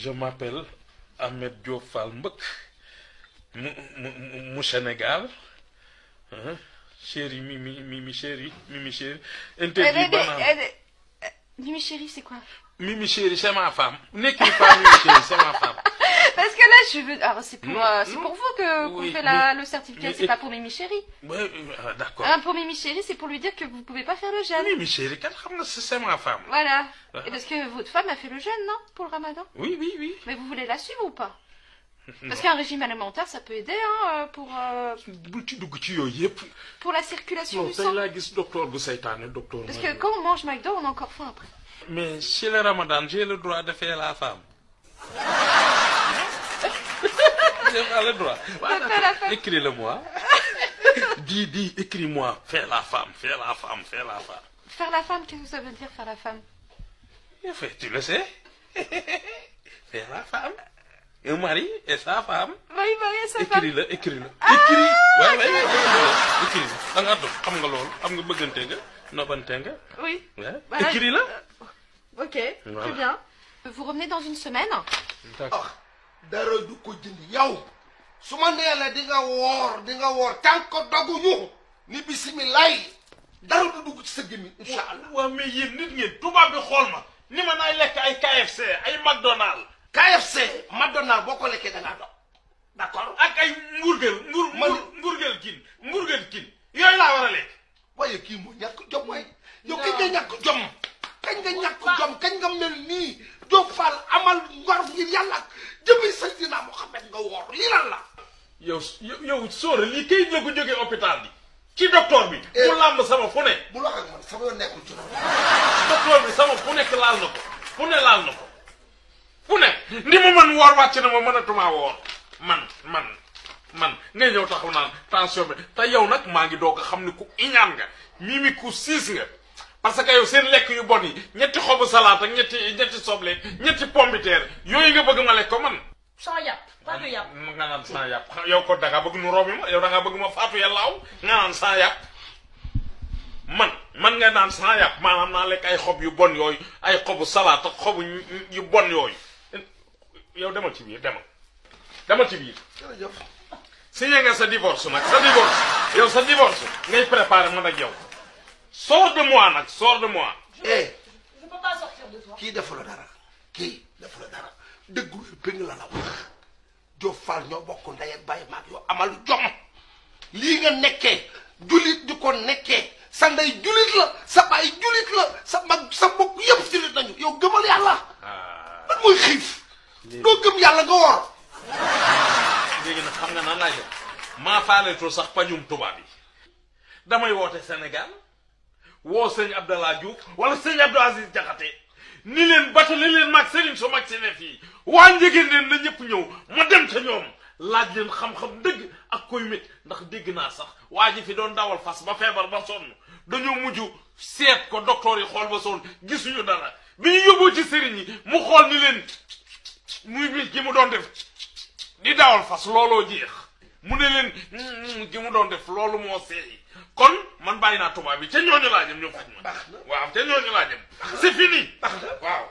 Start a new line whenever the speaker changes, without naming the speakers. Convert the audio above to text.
je m'appelle Ahmed Diop Fall mon Sénégal Chérie, mimi, Mimi
mimi, c'est quoi.
Mimi, c'est ma femme N'est-ce mimi, c'est ma femme.
Alors, ah, c'est pour, euh, pour vous que qu'on fait la- le certificat, ce c'est pas pour Mimi Chéri.
Oui, euh, ah, d'accord. Hein, pour
Mimi Chéri, c'est pour lui dire que vous pouvez pas faire le jeûne. Oui, Mimi
chérie, c'est ma femme.
Voilà. Ah. Et parce que votre femme a fait le jeûne, non Pour le ramadan Oui, oui, oui. Mais vous voulez la suivre ou pas Parce qu'un régime alimentaire, ça peut aider hein, euh, pour,
oh,
pour la circulation non du sang.
Parce que
quand on mange McDo, on a encore faim après.
mais chez le ramadan j'ai le droit de faire la femme à le droit. Voilà, Écris-le-moi. dis, dis, écris-moi. Faire la femme, faire la femme, faire la femme.
Faire la femme, qu'est-ce que ça veut dire faire la femme Tu le sais
Faire la femme. Un mari et sa femme.
Oui, mari et sa femme. Écris-le, écris-le. Ah! Écris.
Ouais, ouais, écris-le. nga nga am nga bëggante nga, nga. Oui. Écris-le.
Euh, OK, très bien. Vous revenez dans une semaine D'accord. dara du ko jënd yow su ma nee la di nga woor di nga woor tant que doguñu ni bisimilaay dara du dugg ci sa
gémmiñ incha allah waaw mais yéen nit ngeen tubaab bi xool ma ni ma naay lekk ay KFC ay McDonald
KFC McDonald boo ko lekkee da ngaa dog d' ak ay mburgel mbur mburgel kin mburgel kin yooyu laa war a lekk waaye kii moo ñàkk jom waaye yow kañ nga ñàkk jom kañ nga ñàkk jom kañ nga mel nii Diop amal yow yow
sóora lii kay la ko jógee hôpital bi ci docteur bi. mu eh. làmb sama fu ne. bu wax sama yoon nekkul ci bi sama fu nekk laal na ko fu ne laal na ko fu ne ni ma mën woor wàcc na ma mënatumaa woor man man man nga ñëw taxaw naan tension bi te yow nag maa ngi doog a xam ni ku iñaan nga mimi ku siis nga. parce que yow seen lekk yu bon yi ñetti xobu salaat ak ñetti ñetti soble ñetti pombiteer yooyu nga bëgg ma lekk ko man.
sama faatu yàpp
ya? nga naan sans yàpp ya, yow ko da ngaa bëgg nu robi ma yow ya, da ngaa bëgg ma faatu yàllaaw nga naan sans man man nga naan sans yàpp maanaam naa lekk ay xob yu bon yooyu ay xobu salaat ak xobu yu bon yooyu yow demal ci biir demal demal ci biir signé nga sa divorce nak? sa divorce yow sa divorce ngay préparé man ak yow sors de moi
nag sors de moi eh kii defu la dara kii defu la dara la la wax Diop ñoo bokk ndey ak bàyyi maag yow amal jom lii nga nekkee julit di ko nekkee sa ndey julit la sa baay julit la sa mag sa bokk yëpp julit nañu yow gëmal yàlla ah. lan mooy xiif doo gëm yàlla nga woor
léegi nag xam nga nan laay maa faaleetoo sax pañum tubaab yi damay woote Sénégal woo sëñ Abdallah Diouf wala sëñ Abdou Aziz Diakhaté ni leen batale leen mag sëriñ su mag si fii waa njëgeen neen na ñëpp ñëw ma dem ca ñoom laaj leen xam-xam dëgg ak koy mit ndax dégg naa sax waa ji fi doon dawal fas ba feebar ba sonn dañoo mujj seet ko docteur yi xool ba sonn gisuñu dara bi ñu yóbboo ci sëriñ yi mu xool ni leen muy biis gi mu doon def di dawal fas looloo jeex mu ne leen ji mu doon def loolu moo seey kon man bàyyi naa tubaab bi ca ñooñu laa jëm ñu faj ma. baax na waaw ca ñooñu laa jëm. c'est fini. baax waaw